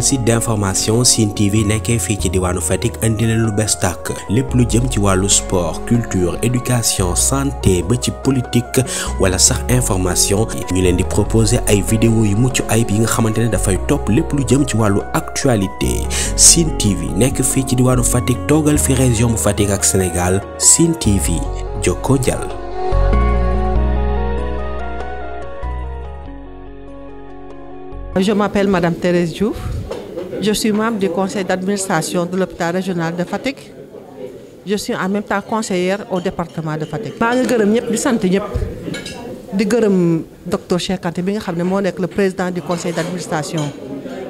site d'information sin TV qu'un fichier ci diwanu Fatick un délai lu bees tàkk plus lu jëm ci sport culture éducation santé ba ci politique wala sax information ñu leen di proposer ay vidéo yu muccu ay bi nga xamantene da plus top lepp lu jëm ci walu actualité sin TV nek fi ci diwanu Fatick togal fi région bu ak Sénégal TV joko Je m'appelle Madame Thérèse Diouf. Je suis membre du conseil d'administration de l'hôpital régional de Fatick. Je suis en même temps conseillère au département de Fatick. maa ngi gërëm ñëpp di sant ñëpp di gërëm docteur Cheikh Kanté bi nga xam ne moo le président du conseil d'administration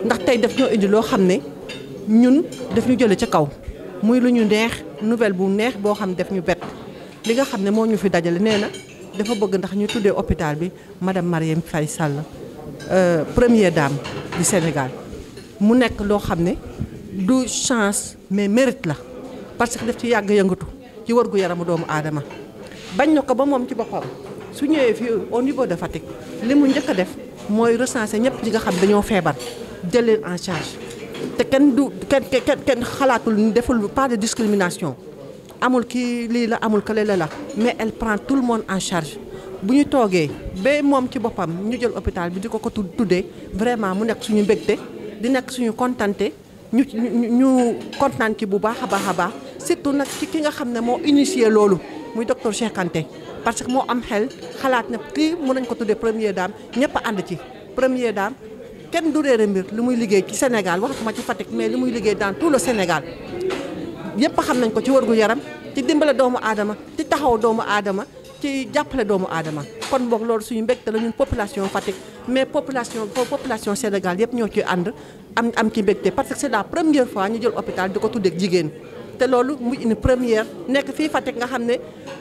ndax tey daf ñoo indi loo xam ne ñun daf ñu jële ci kaw muy lu ñu neex nouvelle bu neex boo xam ne daf ñu bett li nga xam ne moo ñu fi dajale nee dafa bëgg ndax ñu tuddee hôpital bi madame Mariem Faye Sall. Euh, première dame du Sénégal mu nek lo xamné ne du chance mais mérite la parce que daf ci yag yëngatu ci wërgu yaramu doomu adama. bañ na ba mom ci boppam su ñëwé fi au niveau de Fatick limu ñëk def moy recenser ñëpp ñi nga xam dañoo fébar jël leen en charge Té ken du ken ken kenn xalaatul deful pas de discrimination amul ki li la amul kële la la mais elle prend tout le monde en charge. bu ñu toogee ba moom ci boppam ñu jël hôpital bi di ko ko tuddee vraiment mu nekk suñu mbégte di nekk suñu kontante ñu ñu kontaan ci bu baax a baax a baax surtout nag ci ki nga xam ne moo initié loolu muy docteur Cheikh Kanté parce que moo am xel xalaat na kii mën nañ ko tuddee premier dame ñëpp ànd ci premier dame kenn du réere mbir li muy liggéey ci wax Sénégal ma ci Fatick mais li muy liggéey daan tout senegal Sénégal yëpp xam nañ ko ci wërgu yaram ci dimbale doomu aadama ci taxaw doomu aadama ci jàppale doomu aadama kon boog loolu suñu mbeg la ñun population Fatick mais population population Sénégal yëpp ñoo ci ànd am am ci mbégte parce que c'est la première fois ñu jël hôpital di ko tuddee jigéen te loolu mu une première nekk fii Fatick nga xam ne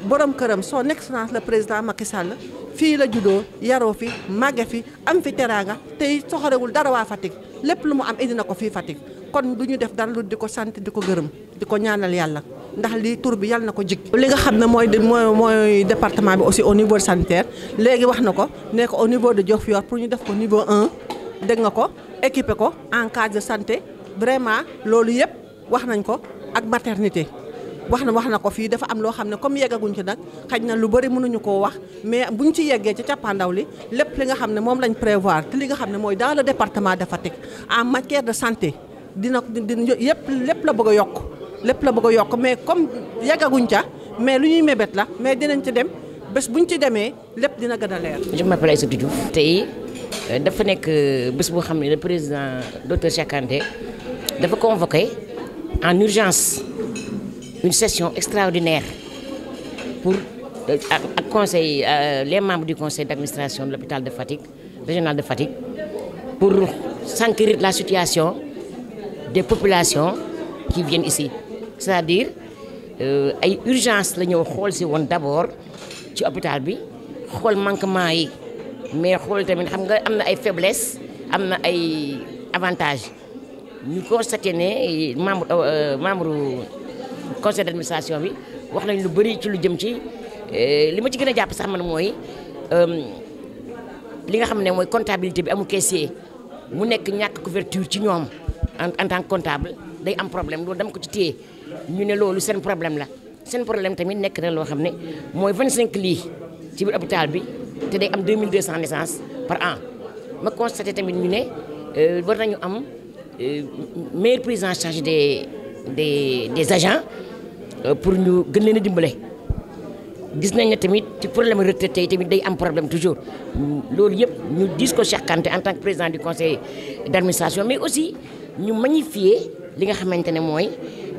borom këram son excellence le président Macky Sall fii la juddoo yaroo fi màgge fi am fi teraanga tey soxorewul dara waa Fatick lépp lu mu am indi na ko fii Fatick kon du ñu def dara lu di ko sant di ko gërëm di ko ñaanal yàlla ndax lii tour bi yàlla na ko jig li nga xam ne mooy mooy département bi aussi au niveau sanitaire léegi wax na ko nee ko au niveau de Diofior pour ñu def ko niveau un dégg nga ko équipé ko en case de santé vraiment loolu yëpp wax nañ ko ak maternité wax na wax na ko fii dafa am loo xam ne comme yeggaguñ ci nag xaj na lu bëri mënuñu ko wax mais bu ñu ci yeggee ci cappaandaw li lépp li nga xam ne moom lañ prévoir te li nga xam ne mooy dans le département de Fatick en matière de santé dina dina yëpp lépp la bëgg a yokk lepp la bëgg a yokk mais comme yàggaguñ ca mais lu ñuy mébét la mais dinañ ci dem bés buñ ci demee lépp dina gën a leer. je m'appelle Aïssatou Diouf. tey euh, dafa nekk euh, bés boo xam le président docteur Chakande dafa convoqué en urgence une session extraordinaire pour euh, ak conseil les membres du conseil d'administration de l'hôpital de Fatick régional de Fatick pour s'enquérir la situation des populations qui viennent ici. c'est-à-dire euh, ay urgence la ñëw xool si woon d'abord ci hôpital bi xool manquement yi mais xool tamit xam nga am na ay faiblesse am na ay avantage ñu constaté ne euh, membre euh, membre conseil d'administration bi wax nañ lu bëri ci lu jëm ci li ma ci gën a jàpp sax man mooy li nga xam ne mooy contabilité bi amul caissier mu nekk ñàkk couverture ci ñoom en tant que day am problème loolu dama ko ci téye ñu ne loolu seen problème la seen problème tamit nekk na loo xam ne mooy 25 lits ci biir hôpital bi te day am 2200 naissances par an ma constaté tamit ñu ne euh, war nañu am euh, meilleure prise en charge des des des agents euh, pour ñu gën leen a dimbale. gis nañ ne tamit ci problème retraité tamit day am problème toujours loolu yëpp ñu dis ko Cheikh en tant que président du conseil d' administration mais aussi ñu magnifier li nga xamante ne mooy.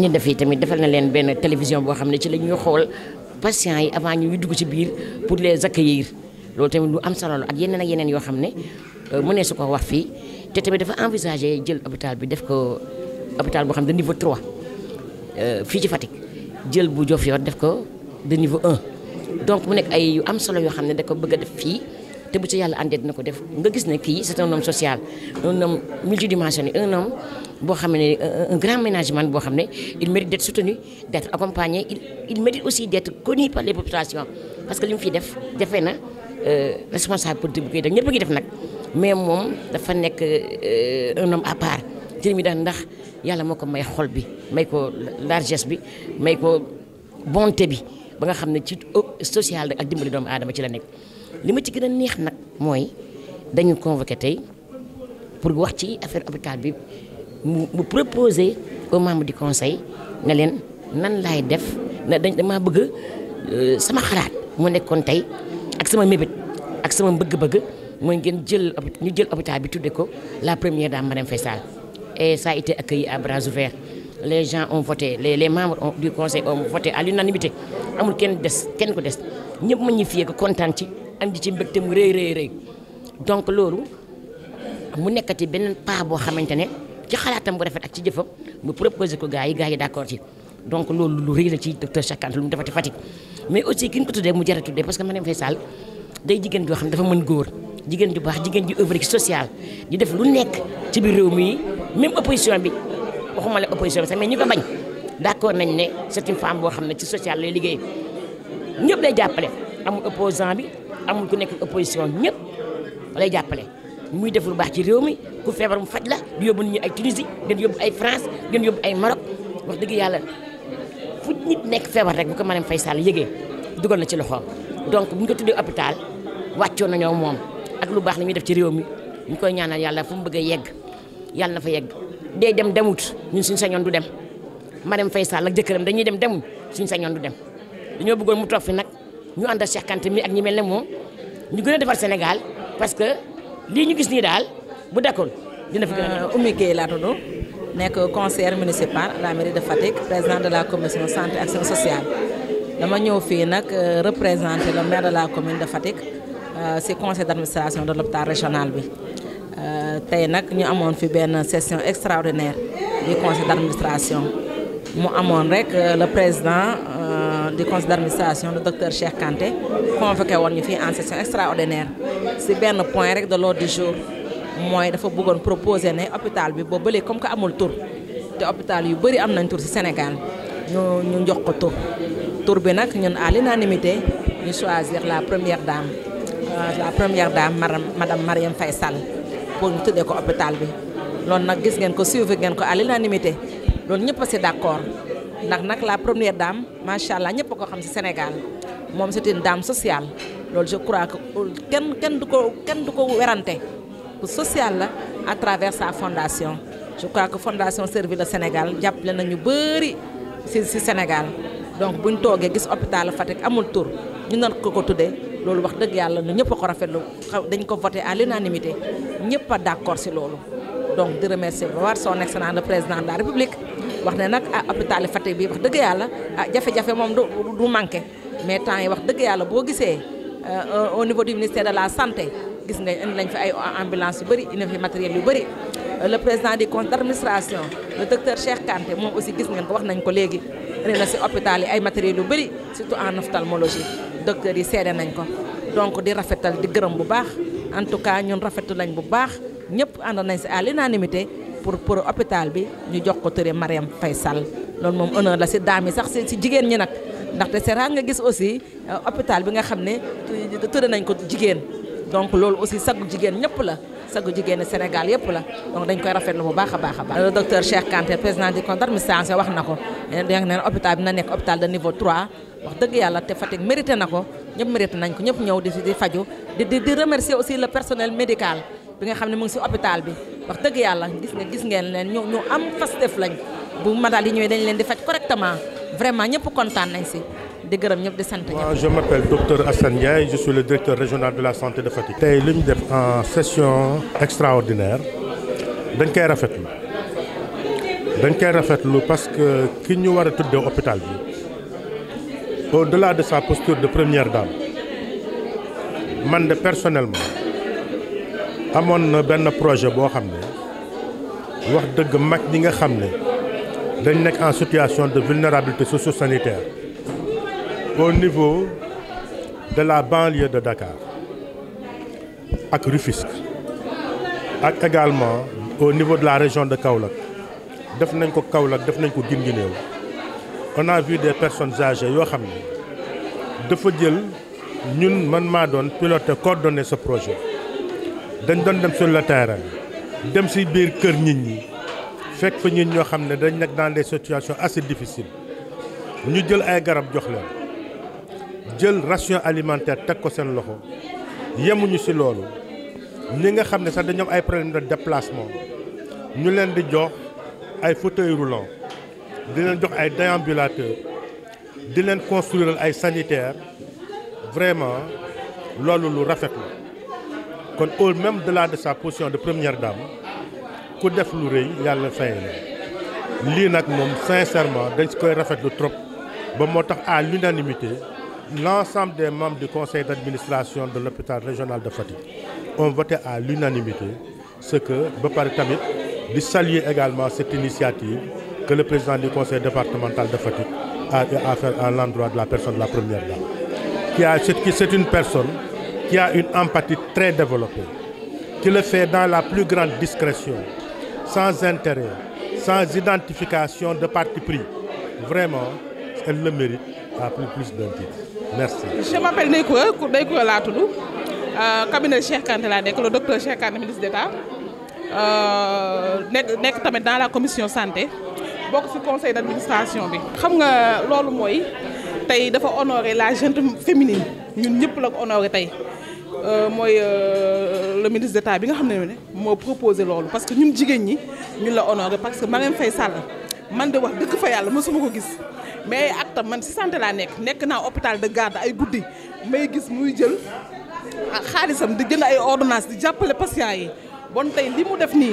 ñi def tamit defal na leen ben télévision bo xamné ci lañuy xol patient yi avant ñuy dugg ci biir pour les accueillir lool tamit lu am solo ak yeneen ak yeneen yo xamné ne mu ne su ko wax fi te tamit dafa envisager jël hôpital bi def ko hôpital bo xamné de niveau 3 euh fi ci Fatick jël bu jof Diofior def ko de niveau 1 donc mu nek ay yu am solo yo xamné da ko bëgg def fi te bu ci yàlla àndee dina ko def nga gis na kii c'est un homme social un homme multidimensionnel un homme boo xam ne un grand management boo xam ne il mérite d'être soutenu d'être accompagné il il mérite aussi d'être connu par les populations parce que li mu fi def jafe na euh, responsable politique bu koy def ñëpp a ngi def nag mais moom dafa nekk euh, un homme à part jërëjëf daal ndax yàlla moo ko may xol bi may ko largesse bi may ko bonté bi ba nga xam ne ci social ak dimbali doomu aadama ci la nekk. li ma ci gën a neex nag mooy dañu pour wax ci affaire hôpital bi mu proposer aux membres du conseil ne leen nan laay def na dañ bëgg euh, sama xalaat mu nekkon tay ak sama mébét ak sama bëgg-bëgg moy ngeen jël ñu jël hôpital bi tuddee ko la première dame Marième Faye et ça a été accueilli à bras ouverts les gens ont voté les les membres du conseil ont voté à l'unanimité amul kenn dess kenn ko ma ñi fié ko kontaan ci. andi ci mbégte mu rëy rëy rëy donc loolu mu nekkati benn pas boo xamante ne ci xalaatam bu rafet ak ci jëfam mu proposé ko gars yi gaa yi d'accord ci donc loolu lu rëy la ci docteur Cheikh Anta lu mu defati Fatick mais aussi ki ñu ko tuddee mu jar a tuddee parce que Marième Faye day jigéen joo xam dafa mën góor jigéen ju baax jigéen ju œuvre sociale di def lu nekk ci biir réew mii même opposition bi waxuma la opposition bi sax mais ñu ko bañ d'accord nañ ne c'est une boo xam ne ci sociale lay liggéey ñëpp lay jàppale. amul opposant bi amul ku nekk opposition ñëpp lay jàppale muy def lu baax ci réew mi ku feebar mu faj la di yóbbu nit ñi ay Tunisie di yóbbu ay France di yóbbu ay Maroc wax dëgg yàlla fu nit nekk feebar rek bu ko Marième Faye Sall yëgee dugal na ci loxoom. donc bu ko tuddee hôpital wàccoon na moom ak lu baax la ñuy def ci réew mi ñu koy ñaanal yàlla fu bëgg yegg yàlla na fa yegg day dem demut ñun suñu sañoon du dem Marième Faye Sall ak jëkkëram dañuy dem demuñ suñu sañoon du dem dañoo bëggoon mu toog fi nag. Nous, avons ak Cheikh Kanté mi ak ñi nous ne Sénégal parce que nous ñu gis nii daal bu dakkoon dina fi gën euh, municipal la mairie de Fatik, président de la commission santé action sociale dama ñëw fii euh, représenter le maire de la commune de Fatigue euh, le conseil d'administration de l'hôpital régional Nous avons fait une session extraordinaire du conseil d'administration mu avons rek le président du conseil d'administration le docteur Cheikh Kanté convoqué woon ñu fii en session extraordinaire C'est bien le point rek de l'ordre du jour Moi, dafa bëggoon proposer ne hôpital bi boo bëlee comme que amul de l'hôpital, hôpital yu a am nañ au Sénégal ñu ñu jox ko tour tur bi nous, à l'unanimité nous choisir la première dame euh, la première dame madame Mariam Faisal, pour nous tuddee ko hôpital bi loolu nag gis ngeen ko suivre ngeen ko à l'unanimité nous ñëpp d'accord ndax nak la première dame sha allah ñep ko xam ci Sénégal mom c'est une dame sociale loolu je crois que ken ken duko ken duko wéranté ko ku sociale la à travers sa fondation je crois que fondation Servir le Sénégal jàppale nañu bëri ci ci Sénégal donc buñ togué gis hôpital Fatick amul tour ñu nan ko ko wax deug Yalla ñu ñep ko rafetlu dañ ko voté à l'unanimité ñep d'accord si lolou donc de remercier voir son excellence le président de la république wax nak ah hôpital faté bi wax dëgg yàlla jafé ah, jafé mom du du manqué mais temps yi wax dëgg yàlla bo gissé euh, au niveau du ministère de la santé gis nga indi lañ fi ay ambulance yu bari indi fi matériel yu bari le président du conseil d'administration le docteur Cheikh Kanté mom aussi gis ngeen ko wax nañ ko légui indi ci si hôpital yi ay matériel yu bari surtout en ophtalmologie docteur yi sédé nañ ko donc di rafetal di gërëm bu baax en tout cas ñun rafetu lañ bu baax ñëpp and nañ ci à l'unanimité pour pour hôpital bi ñu jox ko Touré Mariam Faisal lool mom honneur la ci daam sax si si jigéen ñi nak ndax c'est rare nga gis aussi euh, hôpital bi nga xamné ne Touré nañ ko jigen donc lool aussi sagu jigen ñep la sagu jigen Sénégal yep la donc dañ koy rafetlu bu baax a baax le euh, docteur Cheikh Kanté président du conseil d'administration wax nako ko euh, né hôpital bi na nek hôpital de niveau 3 wax deug yalla té Fatick mérité nako ñep mérité nañ ko ñep ñew di di faju di di remercier aussi le personnel médical bi nga xamné mo ngi ci hôpital bi wax deug yalla gis nga gis ngeen leen ñu ñu am Pastef lañ bu madaal yi ñëwee dañ leen di fajj correctement vraiment ñëpp content nañ ci di gërëm ñëpp di sant ñëpp. je m'appelle docteur Assane Ndiaye je suis le directeur régional de la santé de Fatick. tay li def en session extraordinaire dañ koy rafetlu dañ koy rafetlu parce que ki ñu wara a hôpital bi au delà de sa posture de première dame man de personnellement amoon na benn projet boo xam ne wax dëgg mag ñi nga xam dañ nekk en situation de vulnérabilité socio-sanitaire au niveau de la banlieue de Dakar ak Rufisque ak également au niveau de la région de Kaolack def nañ ko Kaolack def nañ ko on a vu des personnes âgées yoo xam ne dafa jël ñun man maa doon piloter coordonner ce projet dañ doon dem sur le terrain dem si biir kër nit ñi fekk fa nit ñoo xam ne dañ nekk dans des situations assez difficiles ñu jël ay garab jox leen jël ration alimentaire teg ko seen loxo yemuñu si loolu ñi nga xam ne sax dañoo am ay problème de déplacement ñu leen di jox ay fauteuil roulant di leen jox ay déambulateur di leen construire ay sanitaire vraiment loolu lu rafet la qu'on, au même delà de sa position de première dame ku lu a le fait sincèrement à l'unanimité l'ensemble des membres du conseil d'administration de l'hôpital régional de Fatigue ont voté à l'unanimité ce que ba parle tamit saluer également cette initiative que le président du conseil départemental de Fatigue a fait à l'endroit de la personne de la première dame qui c'est une personne il y a une empathie très développée, qui le fait dans la plus grande discrétion, sans intérêt, sans identification de parti pris. Vraiment, elle le mérite à plus, plus d'un titre. Merci. Je m'appelle Neiko, Neiko Latoulou, euh, cabinet Cheikh chef, le docteur Cheikh Kante, ministre d'État. Je euh, suis dans la commission santé bokk le conseil d'administration bi. xam nga loolu mooy tey honorer la gente féminine nous ñëpp la pas honorer euh, Moi, euh, le ministre d'État bi nga proposé lolu parce que ñun jigéen ñi ñu la honoré parce que Marième Faye Sall man de wax Garde fa ko mais actuellement, man ci santé la nekk nekk à hôpital de garde ay à may gis muy jël xaalisam di jënd ay ordonnance di de patient yi bon tay limu def ni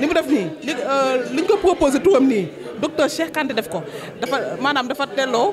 limu def ni li euh, ko proposé docteur Cheikh Kanté def ko dafa manam dafa delloo